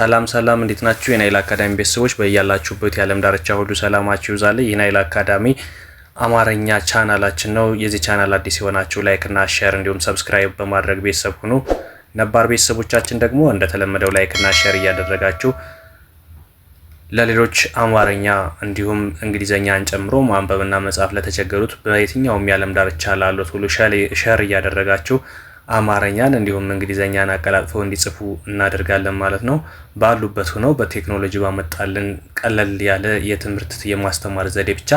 ሰላም ሰላም እንዴት ናችሁ? የናይል አካዳሚ ቤተሰቦች በያላችሁበት የዓለም ዳርቻ ሁሉ ሰላማችሁ ይብዛል። የናይል አካዳሚ አማርኛ ቻናላችን ነው። የዚህ ቻናል አዲስ የሆናችሁ ላይክና ሼር እንዲሁም ሰብስክራይብ በማድረግ ቤተሰብ ሁኑ። ነባር ቤተሰቦቻችን ደግሞ እንደተለመደው ላይክና ሼር እያደረጋችሁ ለሌሎች አማርኛ እንዲሁም እንግሊዘኛን ጨምሮ ማንበብና መጻፍ ለተቸገሩት በየትኛውም የዓለም ዳርቻ ላሉት ሁሉ ሼር እያደረጋችሁ አማርኛን እንዲሁም እንግሊዘኛን አቀላጥፈው እንዲጽፉ እናደርጋለን ማለት ነው። ባሉበት ሆነው በቴክኖሎጂ ባመጣልን ቀለል ያለ የትምህርት የማስተማር ዘዴ ብቻ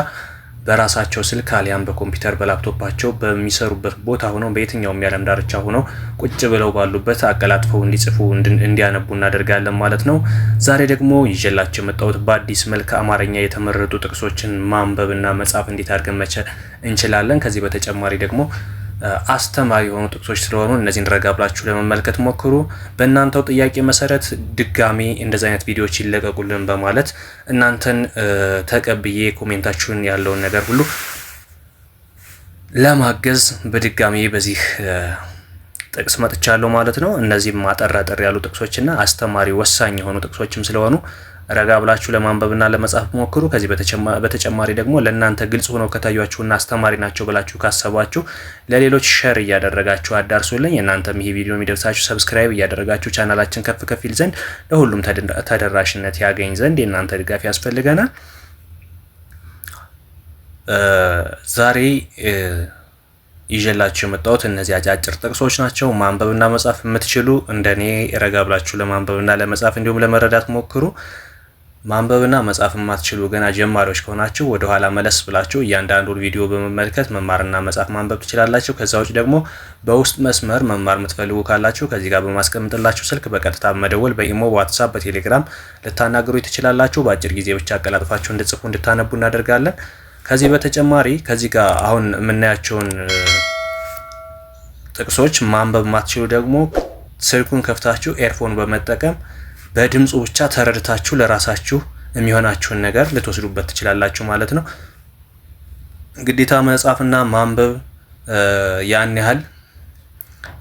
በራሳቸው ስልክ አሊያም በኮምፒውተር በላፕቶፓቸው በሚሰሩበት ቦታ ሆነው በየትኛውም የዓለም ዳርቻ ሆነው ቁጭ ብለው ባሉበት አቀላጥፈው እንዲጽፉ እንዲያነቡ እናደርጋለን ማለት ነው። ዛሬ ደግሞ ይዤላቸው የመጣሁት በአዲስ መልክ አማርኛ የተመረጡ ጥቅሶችን ማንበብና መጻፍ እንዴት አድርገን መቼ እንችላለን። ከዚህ በተጨማሪ ደግሞ አስተማሪ የሆኑ ጥቅሶች ስለሆኑ እነዚህን ረጋ ብላችሁ ለመመልከት ሞክሩ። በእናንተው ጥያቄ መሰረት ድጋሚ እንደዚህ አይነት ቪዲዮዎች ይለቀቁልን በማለት እናንተን ተቀብዬ ኮሜንታችሁን ያለውን ነገር ሁሉ ለማገዝ በድጋሚ በዚህ ጥቅስ መጥቻለሁ ማለት ነው። እነዚህም አጠር አጠር ያሉ ጥቅሶችና አስተማሪ ወሳኝ የሆኑ ጥቅሶችም ስለሆኑ ረጋ ብላችሁ ለማንበብና ለመጻፍ ሞክሩ። ከዚህ በተጨማሪ ደግሞ ለእናንተ ግልጽ ሆነው ከታያችሁና አስተማሪ ናቸው ብላችሁ ካሰባችሁ ለሌሎች ሸር እያደረጋችሁ አዳርሱልኝ። እናንተም ይሄ ቪዲዮ የሚደርሳችሁ ሰብስክራይብ እያደረጋችሁ ቻናላችን ከፍ ከፍ ይል ዘንድ ለሁሉም ተደራሽነት ያገኝ ዘንድ የእናንተ ድጋፍ ያስፈልገናል። ዛሬ ይዤላችሁ የመጣሁት እነዚህ አጫጭር ጥቅሶች ናቸው። ማንበብና መጻፍ የምትችሉ እንደኔ ረጋ ብላችሁ ለማንበብና ለመጻፍ እንዲሁም ለመረዳት ሞክሩ። ማንበብና መጻፍ የማትችሉ ገና ጀማሪዎች ከሆናችሁ ወደኋላ መለስ ብላችሁ እያንዳንዱን ቪዲዮ በመመልከት መማርና መጻፍ ማንበብ ትችላላችሁ። ከዛ ውጭ ደግሞ በውስጥ መስመር መማር የምትፈልጉ ካላችሁ ከዚህ ጋር በማስቀምጥላችሁ ስልክ በቀጥታ መደወል፣ በኢሞ፣ በዋትሳፕ፣ በቴሌግራም ልታናገሩ ትችላላችሁ። በአጭር ጊዜ ብቻ አቀላጥፋችሁ እንድጽፉ እንድታነቡ እናደርጋለን። ከዚህ በተጨማሪ ከዚህ ጋር አሁን የምናያቸውን ጥቅሶች ማንበብ የማትችሉ ደግሞ ስልኩን ከፍታችሁ ኤርፎን በመጠቀም በድምፁ ብቻ ተረድታችሁ ለራሳችሁ የሚሆናችሁን ነገር ልትወስዱበት ትችላላችሁ ማለት ነው። ግዴታ መጻፍና ማንበብ ያን ያህል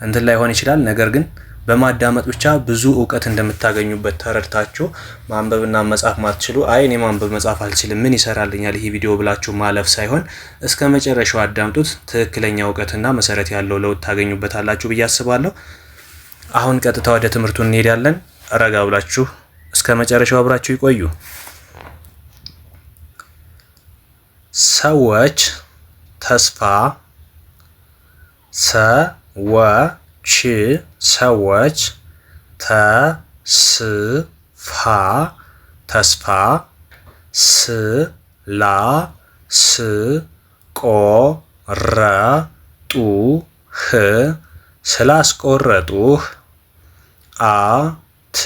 እንትን ላይሆን ይችላል። ነገር ግን በማዳመጥ ብቻ ብዙ እውቀት እንደምታገኙበት ተረድታችሁ ማንበብና መጻፍ ማትችሉ አይ እኔ ማንበብ መጻፍ አልችልም ምን ይሰራልኛል ይህ ቪዲዮ ብላችሁ ማለፍ ሳይሆን እስከ መጨረሻው አዳምጡት። ትክክለኛ እውቀትና መሰረት ያለው ለውጥ ታገኙበታላችሁ ብዬ አስባለሁ። አሁን ቀጥታ ወደ ትምህርቱ እንሄዳለን። ረጋ ብላችሁ እስከ መጨረሻው አብራችሁ ይቆዩ። ሰዎች ተስፋ ሰዎች ሰዎች ተስፋ ተስፋ ስላ ስቆረጡህ ስላስቆረጡህ አ ት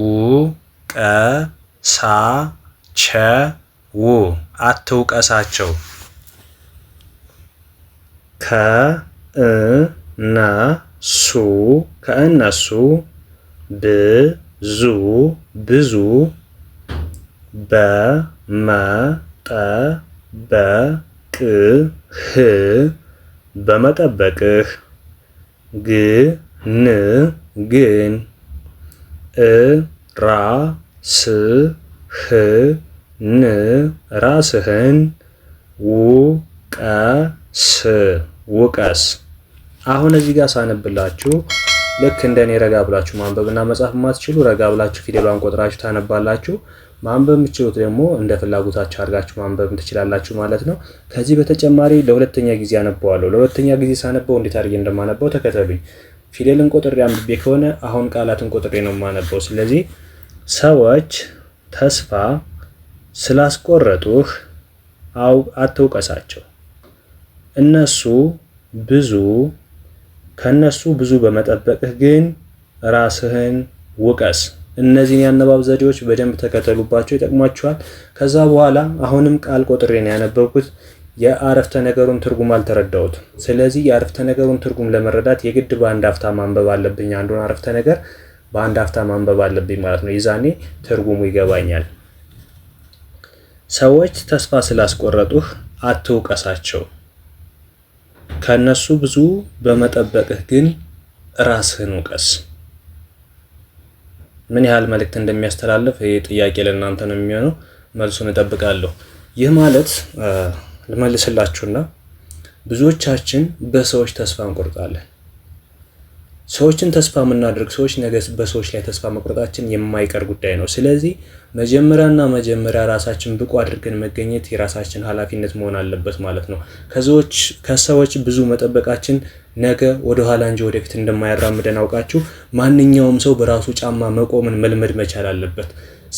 ው ቀ ሳ ቸ ው አትውቀሳቸው ከ እ ነ ሱ ከእነሱ ብ ዙ ብዙ በ መ ጠ በ ቅ ህ በመጠበቅህ ግ ን ግን ራ ስ ህ ን ራስህን ውቀስ ውቀስ። አሁን እዚህ ጋር ሳነብላችሁ ልክ እንደኔ ረጋ ብላችሁ ማንበብና መጻፍ የማትችሉ ረጋ ብላችሁ ፊደሏን ቆጥራችሁ ታነባላችሁ። ማንበብ የምትችሉት ደግሞ እንደ ፍላጎታችሁ አድርጋችሁ ማንበብ ትችላላችሁ ማለት ነው። ከዚህ በተጨማሪ ለሁለተኛ ጊዜ አነበዋለሁ። ለሁለተኛ ጊዜ ሳነበው እንዴት አድርጌ እንደማነበው ተከተሉኝ። ፊደልን ቆጥሬ አንብቤ ከሆነ አሁን ቃላትን ቆጥሬ ነው የማነበው። ስለዚህ ሰዎች ተስፋ ስላስቆረጡህ አትውቀሳቸው። እነሱ ብዙ ከነሱ ብዙ በመጠበቅህ ግን ራስህን ውቀስ። እነዚህን የአነባብ ዘዴዎች በደንብ ተከተሉባቸው፣ ይጠቅሟችኋል። ከዛ በኋላ አሁንም ቃል ቆጥሬ ነው ያነበብኩት። የአረፍተ ነገሩን ትርጉም አልተረዳሁትም። ስለዚህ የአረፍተ ነገሩን ትርጉም ለመረዳት የግድ በአንድ አፍታ ማንበብ አለብኝ። አንዱን አረፍተ ነገር በአንድ አፍታ ማንበብ አለብኝ ማለት ነው። ይዛኔ ትርጉሙ ይገባኛል። ሰዎች ተስፋ ስላስቆረጡህ አትውቀሳቸው፣ ከእነሱ ብዙ በመጠበቅህ ግን ራስህን ውቀስ። ምን ያህል መልእክት እንደሚያስተላልፍ ይህ ጥያቄ ለእናንተ ነው የሚሆነው። መልሱን እጠብቃለሁ። ይህ ማለት ልመልስላችሁና ብዙዎቻችን በሰዎች ተስፋ እንቆርጣለን። ሰዎችን ተስፋ የምናደርግ ሰዎች ነገ በሰዎች ላይ ተስፋ መቁረጣችን የማይቀር ጉዳይ ነው። ስለዚህ መጀመሪያና መጀመሪያ ራሳችን ብቁ አድርገን መገኘት የራሳችን ኃላፊነት መሆን አለበት ማለት ነው። ከሰዎች ከሰዎች ብዙ መጠበቃችን ነገ ወደኋላ እንጂ ወደፊት እንደማያራምደን አውቃችሁ ማንኛውም ሰው በራሱ ጫማ መቆምን መልመድ መቻል አለበት።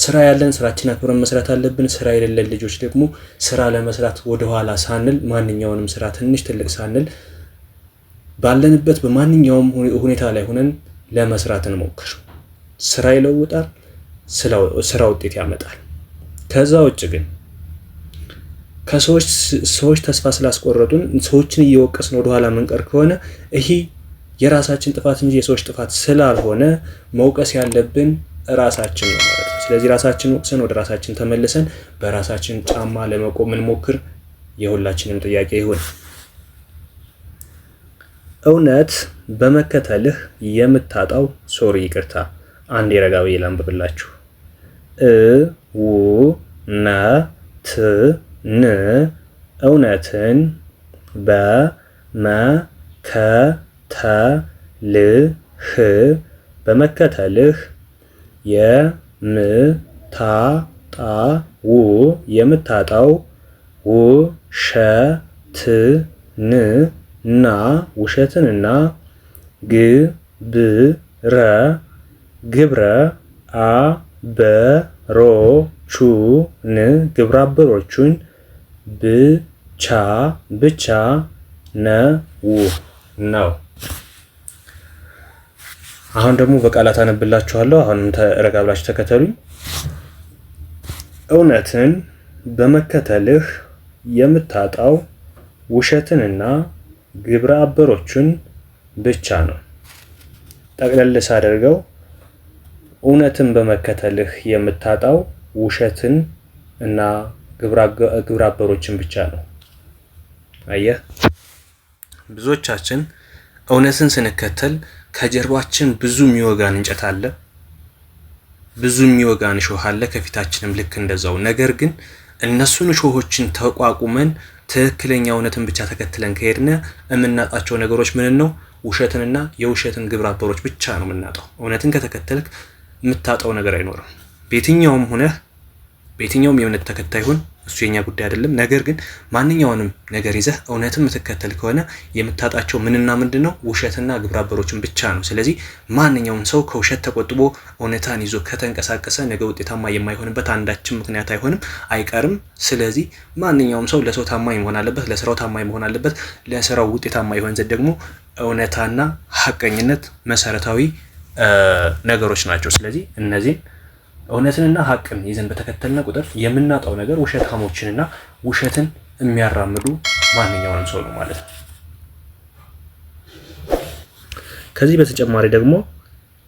ስራ ያለን ስራችን አክብረን መስራት አለብን። ስራ የሌለን ልጆች ደግሞ ስራ ለመስራት ወደኋላ ሳንል ማንኛውንም ስራ ትንሽ ትልቅ ሳንል ባለንበት በማንኛውም ሁኔታ ላይ ሆነን ለመስራት እንሞክር። ስራ ይለውጣል፣ ስራ ውጤት ያመጣል። ከዛ ውጭ ግን ከሰዎች ሰዎች ተስፋ ስላስቆረጡን ሰዎችን እየወቀስን ወደኋላ መንቀር ከሆነ ይሄ የራሳችን ጥፋት እንጂ የሰዎች ጥፋት ስላልሆነ መውቀስ ያለብን ራሳችን ነው ማለት ነው። ስለዚህ ራሳችን ወቅሰን ወደ ራሳችን ተመልሰን በራሳችን ጫማ ለመቆም እንሞክር። የሁላችንም ጥያቄ ይሁን። እውነት በመከተልህ የምታጣው ሶሪ ይቅርታ፣ አንድ የረጋዊ ላንብብላችሁ እ ው ነ ት ን እውነትን በመከተልህ በመከተልህ የ ው የምታጣው ውሸትን ና ውሸትንና ግብረ ግብረ አበሮቹን ግብረ አበሮቹን ብቻ ብቻ ነው ነው አሁን ደግሞ በቃላት አነብላችኋለሁ። አሁን ረጋ ብላችሁ ተከተሉኝ። እውነትን በመከተልህ የምታጣው ውሸትንና ግብረ አበሮችን ብቻ ነው። ጠቅለል ሳደርገው እውነትን በመከተልህ የምታጣው ውሸትን እና ግብረ አበሮችን ብቻ ነው። አየህ ብዙዎቻችን እውነትን ስንከተል ከጀርባችን ብዙ የሚወጋን እንጨት አለ፣ ብዙ የሚወጋን እሾህ አለ። ከፊታችንም ልክ እንደዛው። ነገር ግን እነሱን እሾሆችን ተቋቁመን ትክክለኛ እውነትን ብቻ ተከትለን ከሄድነ የምናጣቸው ነገሮች ምንን ነው? ውሸትንና የውሸትን ግብረ አበሮች ብቻ ነው የምናጣው። እውነትን ከተከተልክ የምታጣው ነገር አይኖርም። በየትኛውም ሆነህ በየትኛውም የእምነት ተከታይ ሁን እሱ የኛ ጉዳይ አይደለም። ነገር ግን ማንኛውንም ነገር ይዘህ እውነትን የምትከተል ከሆነ የምታጣቸው ምንና ምንድን ነው? ውሸትና ግብራበሮችን ብቻ ነው። ስለዚህ ማንኛውም ሰው ከውሸት ተቆጥቦ እውነታን ይዞ ከተንቀሳቀሰ ነገ ውጤታማ የማይሆንበት አንዳችም ምክንያት አይሆንም አይቀርም። ስለዚህ ማንኛውም ሰው ለሰው ታማኝ መሆን አለበት፣ ለስራው ታማኝ መሆን አለበት። ለስራው ውጤታማ ይሆን ዘንድ ደግሞ እውነታና ሀቀኝነት መሰረታዊ ነገሮች ናቸው። ስለዚህ እነዚህን እውነትንና ሀቅን ይዘን በተከተልነ ቁጥር የምናጣው ነገር ውሸታሞችንና ውሸትን የሚያራምዱ ማንኛውንም ሰው ነው ማለት ነው። ከዚህ በተጨማሪ ደግሞ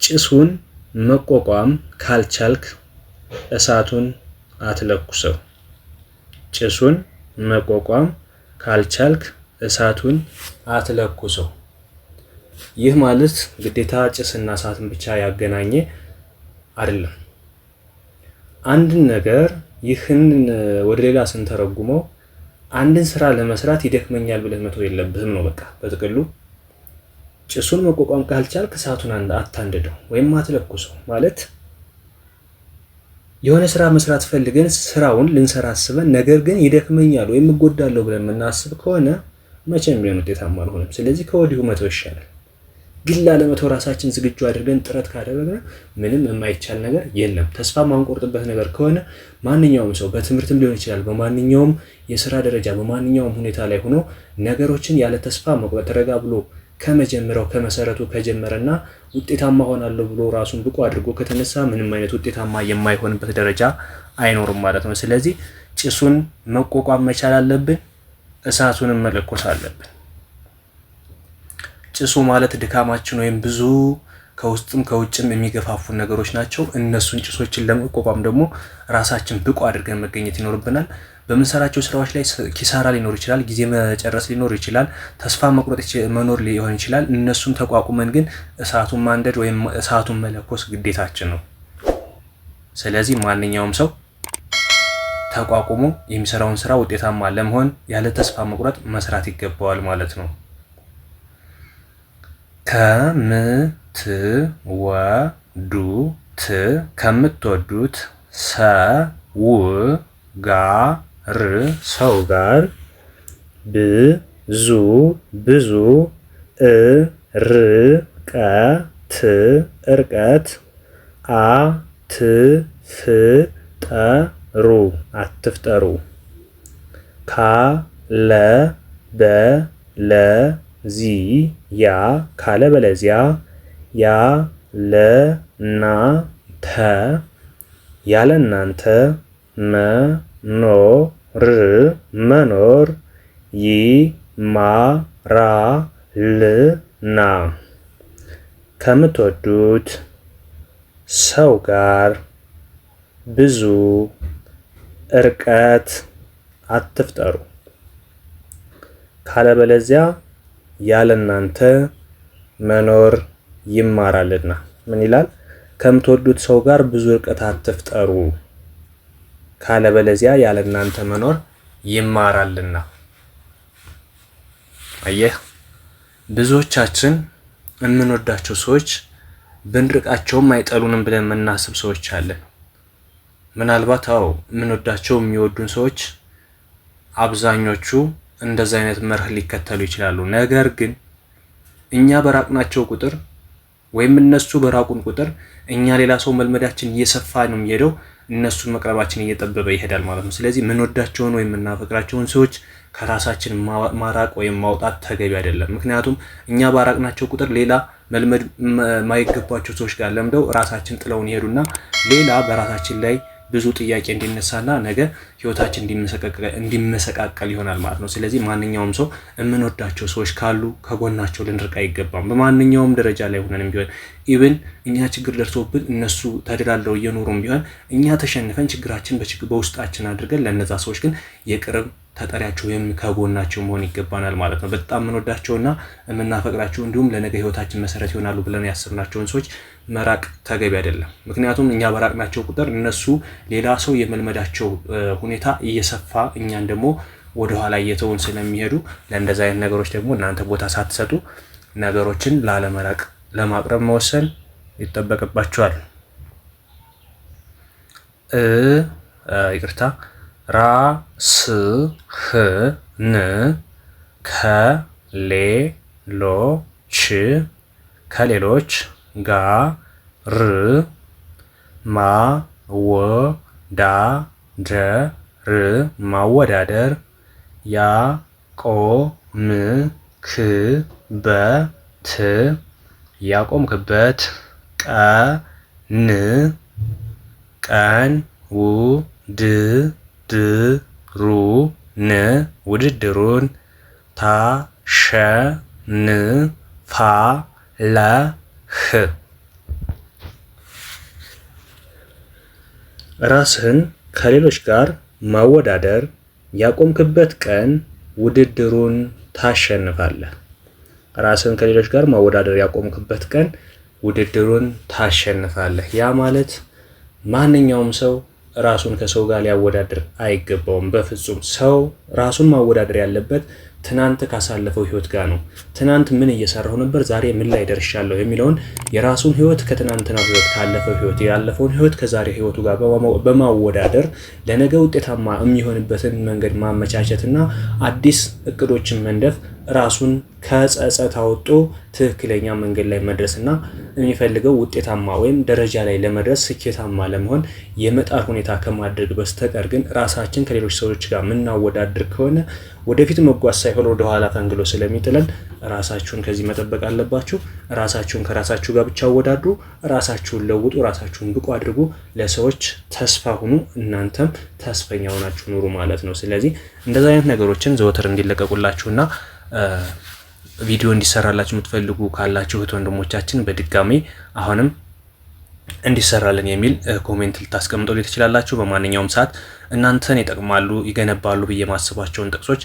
ጭሱን መቋቋም ካልቻልክ እሳቱን አትለኩሰው። ጭሱን መቋቋም ካልቻልክ እሳቱን አትለኩሰው። ይህ ማለት ግዴታ ጭስና እሳትን ብቻ ያገናኘ አይደለም። አንድን ነገር ይህን ወደ ሌላ ስንተረጉመው አንድን ስራ ለመስራት ይደክመኛል ብለህ መተው የለብህም ነው። በቃ በጥቅሉ ጭሱን መቋቋም ካልቻልክ እሳቱን አታንድደው ወይም አትለኩሰው ማለት የሆነ ስራ መስራት ፈልገን ስራውን ልንሰራ አስበን ነገር ግን ይደክመኛል ወይም እጎዳለሁ ብለን የምናስብ ከሆነ መቼም ቢሆን ውጤታማ አልሆንም። ስለዚህ ከወዲሁ መተው ይሻላል። ግን ላለመተው ራሳችን ዝግጁ አድርገን ጥረት ካደረግነ ምንም የማይቻል ነገር የለም። ተስፋ ማንቆርጥበት ነገር ከሆነ ማንኛውም ሰው በትምህርትም ሊሆን ይችላል፣ በማንኛውም የስራ ደረጃ፣ በማንኛውም ሁኔታ ላይ ሆኖ ነገሮችን ያለ ተስፋ መቁረጥ ረጋ ብሎ ከመጀመሪያው ከመሰረቱ ከጀመረና ውጤታማ ሆናለሁ ብሎ ራሱን ብቁ አድርጎ ከተነሳ ምንም አይነት ውጤታማ የማይሆንበት ደረጃ አይኖርም ማለት ነው። ስለዚህ ጭሱን መቋቋም መቻል አለብን፣ እሳቱንም መለኮስ አለብን። ጭሱ ማለት ድካማችን ወይም ብዙ ከውስጥም ከውጭም የሚገፋፉን ነገሮች ናቸው። እነሱን ጭሶችን ለመቋቋም ደግሞ ራሳችን ብቁ አድርገን መገኘት ይኖርብናል። በምንሰራቸው ስራዎች ላይ ኪሳራ ሊኖር ይችላል። ጊዜ መጨረስ ሊኖር ይችላል። ተስፋ መቁረጥ መኖር ሊሆን ይችላል። እነሱን ተቋቁመን ግን እሳቱን ማንደድ ወይም እሳቱን መለኮስ ግዴታችን ነው። ስለዚህ ማንኛውም ሰው ተቋቁሞ የሚሰራውን ስራ ውጤታማ ለመሆን ያለ ተስፋ መቁረጥ መስራት ይገባዋል ማለት ነው። ከምትወዱት ከምትወዱት ሰው ጋር ሰው ጋር ብዙ ብዙ እርቀት እርቀት አትፍጠሩ አትፍጠሩ ካለበለዚያ ዚ ያ ካለ በለዚያ ያ ለ ና ተ ያለ እናንተ መ ኖ ር መኖር ይ ማ ራ ል ና ከምትወዱት ሰው ጋር ብዙ እርቀት አትፍጠሩ ካለበለዚያ ያለ እናንተ መኖር ይማራልና። ምን ይላል? ከምትወዱት ሰው ጋር ብዙ ርቀት አትፍጠሩ፣ ካለበለዚያ ያለ እናንተ መኖር ይማራልና። አየህ፣ ብዙዎቻችን የምንወዳቸው ሰዎች ብንርቃቸውም አይጠሉንም ብለን የምናስብ ሰዎች አለን። ምናልባት አዎ የምንወዳቸው የሚወዱን ሰዎች አብዛኞቹ እንደዚ አይነት መርህ ሊከተሉ ይችላሉ። ነገር ግን እኛ በራቅናቸው ቁጥር ወይም እነሱ በራቁን ቁጥር እኛ ሌላ ሰው መልመዳችን እየሰፋ ነው የሚሄደው፣ እነሱን መቅረባችን እየጠበበ ይሄዳል ማለት ነው። ስለዚህ የምንወዳቸውን ወይም የምናፈቅራቸውን ሰዎች ከራሳችን ማራቅ ወይም ማውጣት ተገቢ አይደለም። ምክንያቱም እኛ ባራቅናቸው ቁጥር ሌላ መልመድ ማይገባቸው ሰዎች ጋር ለምደው ራሳችን ጥለውን ይሄዱና ሌላ በራሳችን ላይ ብዙ ጥያቄ እንዲነሳና ነገ ህይወታችን እንዲመሰቃቀል ይሆናል ማለት ነው። ስለዚህ ማንኛውም ሰው የምንወዳቸው ሰዎች ካሉ ከጎናቸው ልንርቅ አይገባም። በማንኛውም ደረጃ ላይ ሆነንም ቢሆን ኢብን እኛ ችግር ደርሶብን እነሱ ተደላለው እየኖሩም ቢሆን እኛ ተሸንፈን ችግራችን በውስጣችን አድርገን ለነዛ ሰዎች ግን የቅርብ ተጠሪያችሁ ወይም ከጎናችሁ መሆን ይገባናል ማለት ነው። በጣም የምንወዳቸውና የምናፈቅራቸው እንዲሁም ለነገ ህይወታችን መሰረት ይሆናሉ ብለን ያስብናቸውን ሰዎች መራቅ ተገቢ አይደለም። ምክንያቱም እኛ በራቅናቸው ቁጥር እነሱ ሌላ ሰው የመልመዳቸው ሁኔታ እየሰፋ እኛን ደግሞ ወደኋላ እየተውን ስለሚሄዱ ለእንደዚ አይነት ነገሮች ደግሞ እናንተ ቦታ ሳትሰጡ ነገሮችን ላለመራቅ ለማቅረብ መወሰን ይጠበቅባቸዋል። ይቅርታ ራስ ህን ከሌሎች ከሌሎች ጋር ማወዳደር ማወዳደር ያቆምክበት ያቆምክበት ቀን ቀን ውድ ድሩን ውድድሩን ታሸንፋለህ። ራስህን ከሌሎች ጋር ማወዳደር ያቆምክበት ቀን ውድድሩን ታሸንፋለህ። ራስህን ከሌሎች ጋር ማወዳደር ያቆምክበት ቀን ውድድሩን ታሸንፋለህ። ያ ማለት ማንኛውም ሰው ራሱን ከሰው ጋር ሊያወዳድር አይገባውም። በፍጹም ሰው ራሱን ማወዳደር ያለበት ትናንት ካሳለፈው ህይወት ጋር ነው። ትናንት ምን እየሰራሁ ነበር፣ ዛሬ ምን ላይ ደርሻለሁ የሚለውን የራሱን ህይወት ከትናንትናው ህይወት ካለፈው ህይወት ያለፈውን ህይወት ከዛሬ ህይወቱ ጋር በማወዳደር ለነገ ውጤታማ የሚሆንበትን መንገድ ማመቻቸትና አዲስ እቅዶችን መንደፍ ራሱን ከጸጸት አውጥቶ ትክክለኛ መንገድ ላይ መድረስና የሚፈልገው ውጤታማ ወይም ደረጃ ላይ ለመድረስ ስኬታማ ለመሆን የመጣር ሁኔታ ከማድረግ በስተቀር ግን ራሳችን ከሌሎች ሰዎች ጋር የምናወዳድር ከሆነ ወደፊት መጓዝ ሳይሆን ወደኋላ ፈንግሎ ስለሚጥለን ራሳችሁን ከዚህ መጠበቅ አለባችሁ። ራሳችሁን ከራሳችሁ ጋር ብቻ አወዳድሩ። ራሳችሁን ለውጡ። ራሳችሁን ብቁ አድርጉ። ለሰዎች ተስፋ ሁኑ። እናንተም ተስፈኛ ሆናችሁ ኑሩ ማለት ነው። ስለዚህ እንደዚህ አይነት ነገሮችን ዘወትር እንዲለቀቁላችሁና ቪዲዮ እንዲሰራላችሁ የምትፈልጉ ካላችሁ እህት ወንድሞቻችን በድጋሚ አሁንም እንዲሰራልን የሚል ኮሜንት ልታስቀምጠው ትችላላችሁ። በማንኛውም ሰዓት እናንተን ይጠቅማሉ፣ ይገነባሉ ብዬ ማስባቸውን ጥቅሶች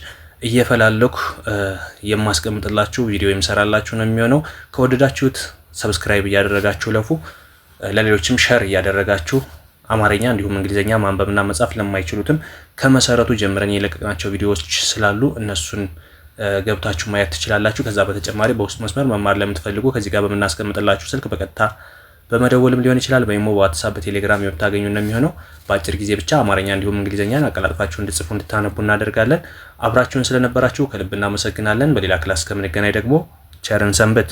እየፈላለኩ የማስቀምጥላችሁ ቪዲዮ የምሰራላችሁ ነው የሚሆነው። ከወደዳችሁት ሰብስክራይብ እያደረጋችሁ ለፉ፣ ለሌሎችም ሸር እያደረጋችሁ አማርኛ እንዲሁም እንግሊዝኛ ማንበብና መጻፍ ለማይችሉትም ከመሰረቱ ጀምረን የለቀቅናቸው ቪዲዮዎች ስላሉ እነሱን ገብታችሁ ማየት ትችላላችሁ። ከዛ በተጨማሪ በውስጥ መስመር መማር ለምትፈልጉ ከዚህ ጋር በምናስቀምጥላችሁ ስልክ በቀጥታ በመደወልም ሊሆን ይችላል። በኢሞ፣ በዋትሳፕ፣ በቴሌግራም የምታገኙ ነው የሚሆነው። በአጭር ጊዜ ብቻ አማርኛ እንዲሁም እንግሊዝኛን አቀላጥፋችሁ እንድጽፉ እንድታነቡ እናደርጋለን። አብራችሁን ስለነበራችሁ ከልብ እናመሰግናለን። በሌላ ክላስ ከምንገናኝ ደግሞ ቸርን ሰንበት።